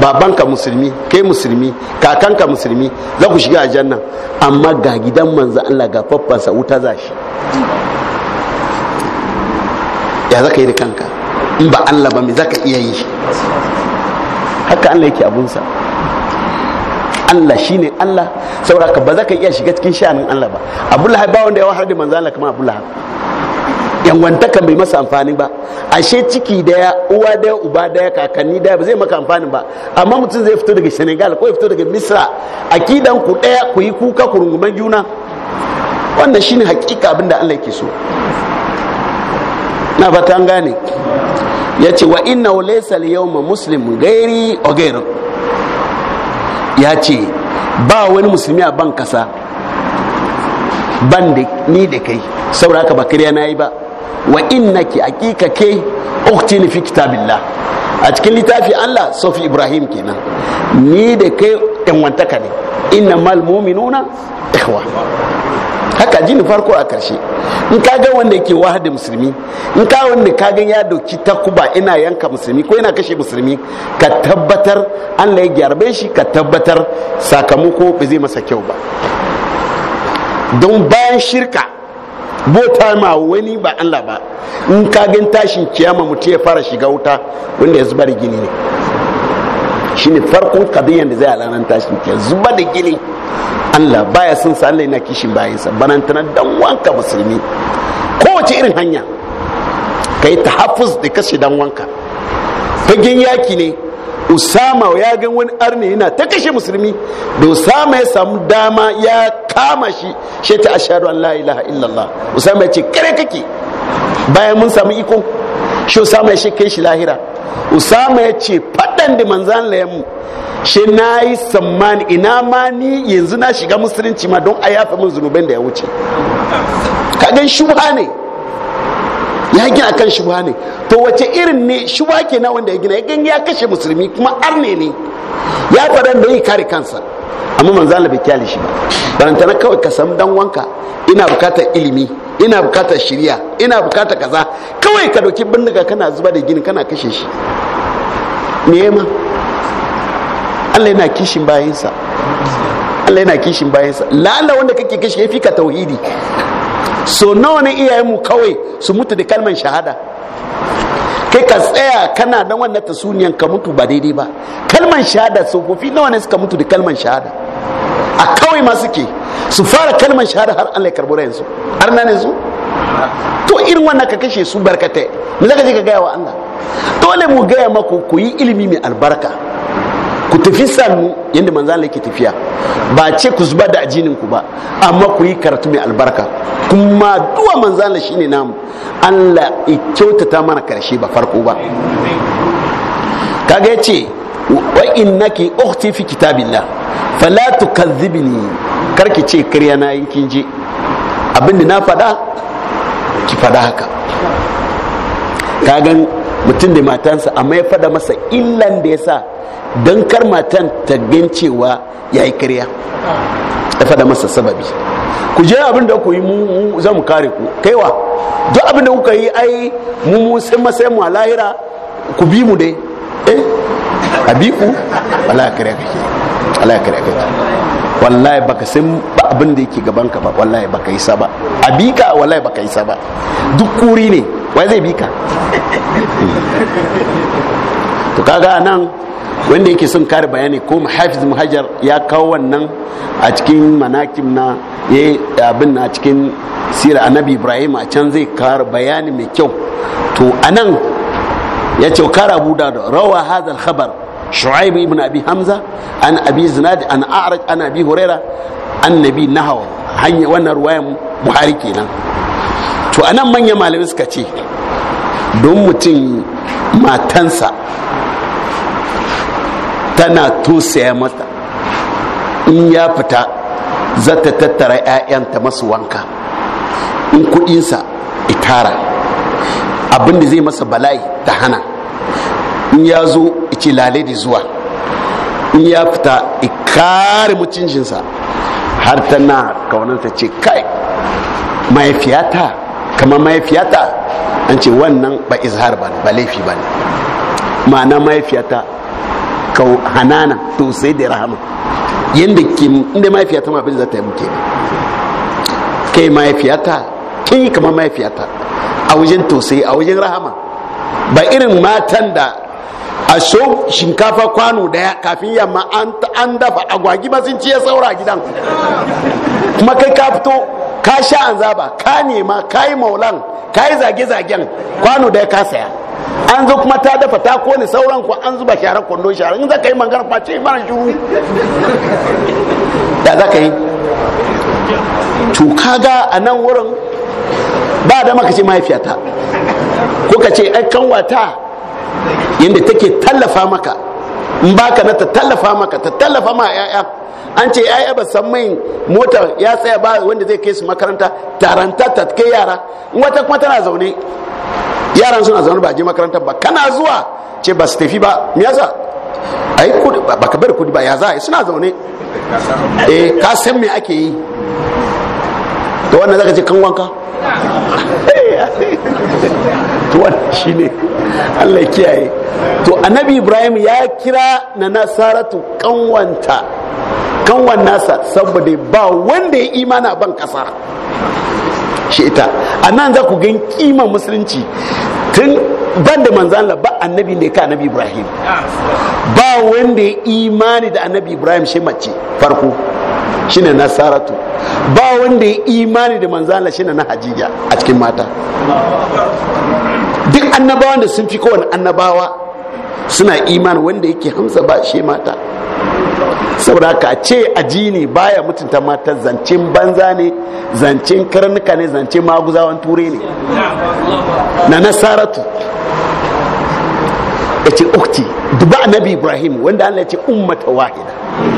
babanka musulmi kai musulmi kakanka musulmi za ku shiga aljanna amma ga gidan manzan Allah ga faffansa wuta za shi ya za ka yi da kanka in ba Allah ba me za ka iya yi haka Allah yake abunsa Allah shine Allah sauraka ka ba za ka iya shiga cikin sha'anin Allah ba Abu Lahab ba wanda ya wahar da manzan Allah kamar Abu Lahab yanwantaka bai masa amfani ba ashe ciki daya uwa daya uba daya kakanni daya ba zai maka amfani ba amma mutum zai fito daga senegal ko ya fito daga misra akidan ku daya ku yi kuka ku runguman juna wannan shine hakika abin da allah ke so na fata an gane ya ce wa inna laysa yau ma muslim gairi o gairi ya ce ba wani musulmi a ban kasa ban da ni da kai saboda haka ba na yi ba wa innaki hakika ke uktini fi kitabillah a cikin littafi Allah sofi Ibrahim kenan ni da kai yan wantaka ne inna mal mu'minuna ikhwa haka jini farko a karshe in ka ga wanda yake wahada musulmi in ka wanda ka ga ya doki takuba ina yanka musulmi ko ina kashe musulmi ka tabbatar Allah ya gyarbe shi ka tabbatar sakamako ba zai masa kyau ba don bayan shirka bota ma wani ba Allah ba in ka gan tashin kiyama mutum ya fara shiga wuta wanda ya zubar gini ne shine farkon kadiyan da zai alanan tashin kiyama zuba da gini Allah baya sun sa Allah yana kishin banan tana dan wanka musulmi kowace irin hanya kai tahafus da kashe dan wanka fagen yaki ne usama ya gan wani arni yana ta kashe musulmi da usama ya samu dama ya kama shi shi ta ashadu an la'ila illallah usama ya ce kare kake bayan mun samu ikon shi usama ya kai shi lahira usama ya ce faɗan da manzan layanmu shi na yi sammani ina ma ni yanzu na shiga musulunci ma don a yafa min zunuban da ya wuce kagan shubha ne ya gina kan shubha ne to wace irin ne shubha ke na wanda ya gina ya ya kashe musulmi kuma arne ne ya faɗan yi kare kansa amma manzo Allah bai kyale shi ba baranta na kawai ka samu dan wanka ina bukatar ilimi ina bukatar shiriya ina bukatar kaza kawai ka doki bindiga kana zuba da gini kana kashe shi me ma Allah yana kishin sa. Allah yana kishin sa. lalla wanda kake kashe yafi ka tauhidi so nawa ne iyayenmu kawai su mutu da kalmar shahada kai ka tsaya kana dan wannan tasuniyan ka mutu ba daidai ba kalman shahada tsofaffi nawa ne suka mutu da kalman shahada a kawai ma suke su fara kalman shahada har Allah ya karbura yanzu har nan yanzu to irin wannan ka kashe su barkatai me zaka je ka gaya wa Allah dole mu gaya maku ku yi ilimi mai albarka ku tafi sannu yadda manzan Allah ke tafiya ba ce ku zuba da ajinin ku ba amma ku yi karatu mai albarka kuma duwa manzan shi shine namu Allah ya kyautata mana karshe ba farko ba kaga yace wa innaki ukhti fi kitabillah fala tukadhibni karki ce karya na yankin je abinda na fada ki fada haka kagan mutum da matansa amma ya fada masa illan da ya sa don kar matan ta gancewa cewa ya yi kariya ya fada masa sababi ku je abin da ku yi mu za mu kare ku kaiwa duk abin da kuka yi ai mu mu sai masai mu a lahira ku bi mu dai eh a bi ku wallahi kare kake wala kare kake wallahi baka san abin da yake gaban ka ba wallahi baka yi saba a bi ka wallahi baka yi saba duk kuri ne wai zai bi ka hmm. to kaga nan wanda yake son kare bayani ko hafiz muhajar ya kawo wannan a cikin manakim na ya abin na cikin sira annabi ibrahim a can zai kare bayani mai kyau to anan ya ce kara abu da rawa hadal khabar shu'aib ibn abi hamza an abi zinad an a'raj an abi huraira Nabi, nahawa hanya wannan ruwayan buhari kenan to anan manyan malamai suka ce don mutum matansa tana tosaya mata in ya fita za ta tattara 'ya'yanta masu wanka in kudinsa itara abinda zai masa bala'i ta hana in ya zo ice lale da zuwa in ya fita ikare mutuncinsa har tana kaunanta ce kai mahaifiyata kama mahaifiyata an ce wannan ba izhar ba ne, ba laifi ba ne ma'ana mahaifiyata kau hanana to sai da rahama yadda ke inda mahaifiyata ma abin za ta yi muke kai mahaifiyata kin yi kamar mahaifiyata a wajen tausayi a wajen rahama ba irin matan da a so shinkafa kwano daya kafin yamma an dafa agwagi ba sun ya saura gidan kuma kai ka fito ka sha an zaba ka nema ka yi maulan ka yi zage-zagen kwano daya ka saya an zo kuma ta dafa ta kone sauran ku an zuba sharan kwando sharan in za ka yi magana kuma ce shuru da za ka yi to kaga a nan wurin ba da maka ce mahaifiyata ko ka ce ai kanwata yadda take tallafa maka in baka na ta tallafa maka ta tallafa ma ya'ya an ce ya'ya ba san mai mota ya tsaya ba wanda zai kai su makaranta taranta ta kai yara wata kuma tana zaune yaran suna zaune ba je makarantar ba kana zuwa ce ba su tafi ba me yasa ai kudi ba ka bari kudi ba ya za suna zaune eh ka san me ake yi to wannan zaka ce kan wanka to [LAUGHS] wannan shine Allah ya kiyaye to annabi Ibrahim ya kira na nasaratu kanwanta kanwan nasa saboda ba wanda ya imana ban kasa ita a nan za ku gan kima musulunci tun ban da manzan ba annabi ne ka annabi ibrahim ba wanda ya imani da annabi ibrahim shi mace farko shine nasaratu ba wanda ya imani da manzala shine na hajija a cikin mata duk annabawan da sun fi kowane annabawa suna imani wanda yake hamza ba shi mata saboda ka ce ne baya mutunta mata zancen banza ne zancen karnuka ne zancen maguzawan ture ne na nasaratu ya ce ukti duba annabi ibrahim wanda an ce ummata wahida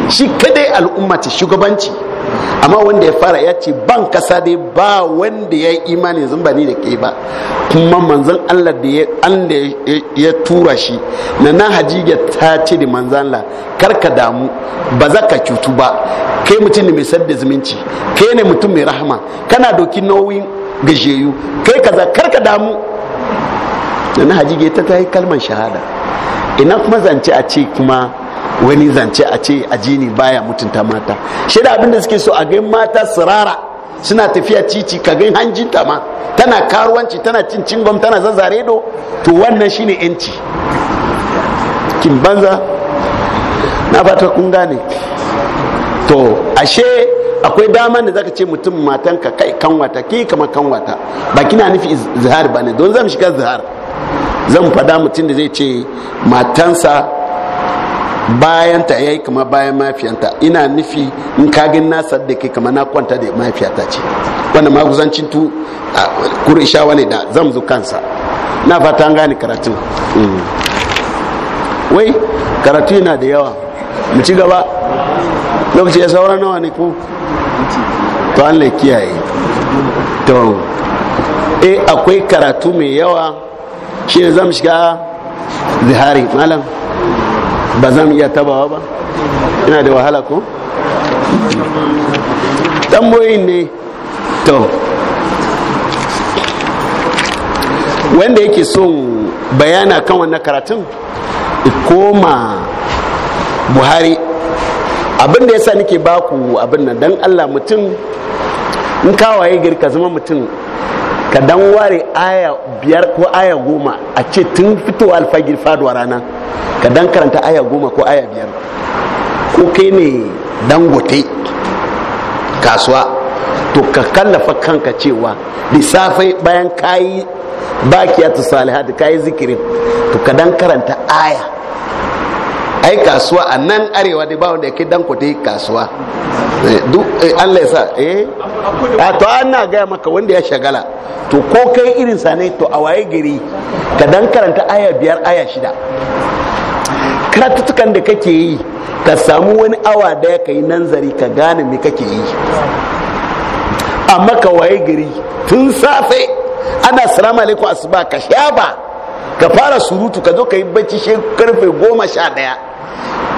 shi kadai al'ummaci shugabanci amma wanda ya fara ya ce ban kasa dai ba wanda ya yi imani zan ba ni da ke ba kuma manzan Allah da ya tura shi na na hajiya ta ce da manzan Allah kar ka damu ba za ka cutu ba kai mutum ne mai sadda zumunci kai ne mutum mai rahama kana doki nauyin gajeyu kai kaza kar ka damu na na hajiya ta ta yi kalmar shahada ina kuma zance a ce kuma wani zance a ce ajini baya mutunta mata shi da abinda suke so a gan mata sirara suna tafiya cici ka gan ta ma tana karuwanci tana cin cingom tana zazzare do to wannan shine yanci kin banza na fata kun gane to ashe akwai dama da zaka ce mutum matanka kai kanwata ke kama kanwata ba kina nufi zihar bane don zan shiga zihar zan fada mutum da zai ce matansa bayan ta yi kama bayan mafiyanta ina nufi in kagin na saddake kama na kwanta da mafiyata ce wannan maguzancin tu a kurishawa wani da zamzu kansa na fata an gane karatun mm. wai karatu yana da yawa mu ci gaba lokaci ya saura nawa ne ko to an lai kiyaye to e akwai karatu mai yawa shi ne zamu shiga zihari malam ba zan mu iya tabawa ba ina da wahala ko tamboyin ne to wanda yake son bayana kan wannan karatun koma buhari abin da yasa nake baku abin nan dan allah mutum in kawaye gari ka zama mutum ka dan ware aya biyar ko aya goma a ce tun fitowa alfagir faduwa rana ka dan karanta aya goma ko aya biyar ko kai ne dangote kasuwa to ka kallafa kanka cewa lissafe bayan kayi bakiya ta salihat kayi zikirin to ka dan karanta aya ai kasuwa a nan arewa da ba wanda yake dan kuɗi kasuwa an eh, eh, Allah ya sa eh a to ana gaya maka wanda ya shagala to ko kai irin sa ne to a waye gari ka dan karanta aya biyar aya shida karatutukan da kake yi ka samu wani awa daya ka yi nanzari ka gane me kake yi amma ka waye gari tun safe ana salamu alaikum asuba ka sha ka fara surutu ka zo ka yi bacci shi karfe goma sha daya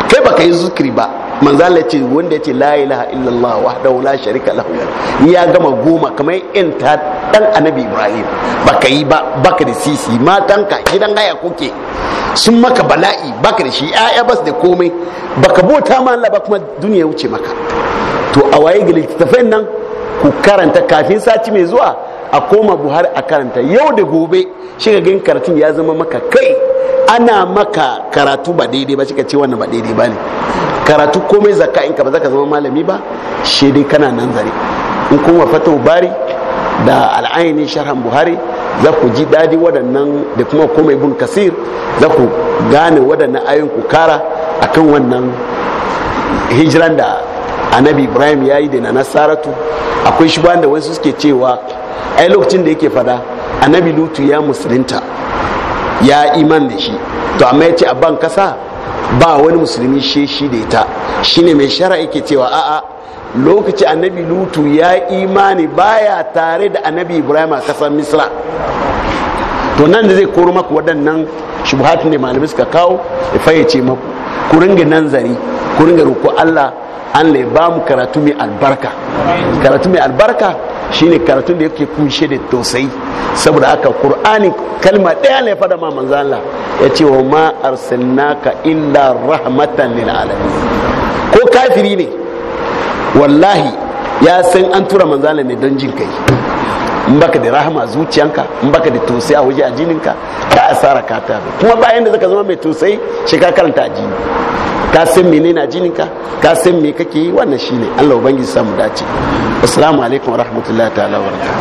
kai baka yi zikiri ba manzala ce wanda ya ce la ilaha illallah wahdahu la sharika lahu ya gama goma kamar yan ta dan annabi ibrahim baka yi ba baka da sisi matanka gidan haya kuke sun maka bala'i baka da shi ya'ya bas da komai baka bota ma Allah ba kuma duniya wuce maka to a waye ga littattafan nan ku karanta kafin sati mai zuwa a koma buhari a karanta yau da gobe shi ga gani karatun ya zama maka kai ana maka karatu ba daidai ba shika ce wannan ba daidai ba ne karatu komai zaka in ka ba zaka zama malami ba shi dai kana nan zare in kuma fata bari da al'ayini sharhan buhari za ku ji dadi waɗannan da kuma komai bun kasir za ku gane waɗannan ayon ku kara akan wannan hijiran da annabi ibrahim ya yi da na nasaratu akwai shi da wasu suke cewa ai lokacin da yake fada annabi lutu ya musulunta ya iman da shi to amma ya ce a ban kasa ba wani musulmi sheshi shi da ita shine mai shara yake cewa a'a lokaci annabi lutu ya imani baya tare da annabi ibrahim a kasar misra to nan da zai koro maku waɗannan shubhatun da malamai suka kawo ya fayyace maku ku ringa nan zari ku ringa roƙo allah Allah ya ba mu karatu mai albarka karatu mai albarka shine karatu da yake kunshe da tausayi saboda aka qur'ani kalma daya ne fada ma manzo Allah ce wa ma arsalnaka illa rahmatan lil alamin ko kafiri ne wallahi ya san an tura manzo Allah ne don jin kai in baka da rahama zuciyanka in baka da tosai a wajen a ka asara ka ta kuma bayan da zaka zama mai tosai shi ka karanta a ka san na jinin ka ka san me kake yi wannan shine Allah ubangiji samu dace assalamu alaikum warahmatullahi ta'ala wa